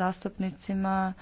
zastupnicima